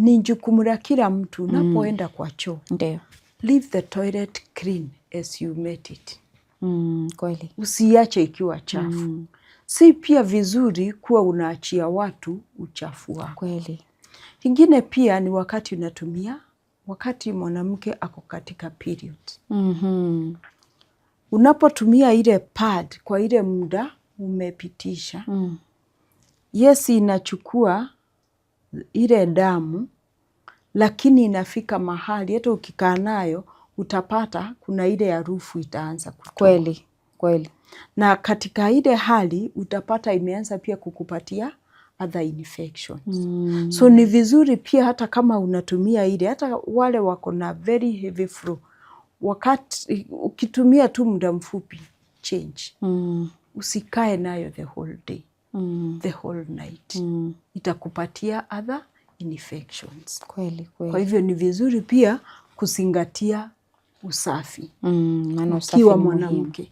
ni jukumu la kila mtu unapoenda mm. kwa choo. Ndio. Leave the toilet clean as you met it. Mm, kweli. Usiache ikiwa chafu mm. Si pia vizuri kuwa unaachia watu uchafu wako. Kweli. Kingine pia ni wakati unatumia, wakati mwanamke ako katika period mm -hmm. Unapotumia ile pad kwa ile muda umepitisha mm. Yes, inachukua ile damu, lakini inafika mahali hata ukikaa nayo utapata kuna ile harufu itaanza kutoka. Kweli kweli. Na katika ile hali utapata imeanza pia kukupatia other infections. Mm. So ni vizuri pia hata kama unatumia ile, hata wale wako na very heavy flu, wakati ukitumia tu muda mfupi change. Mm. Usikae nayo the whole day mm. the whole night mm. itakupatia other infections. Kweli, kweli. Kwa hivyo ni vizuri pia kuzingatia usafi mm, ukiwa mwanamke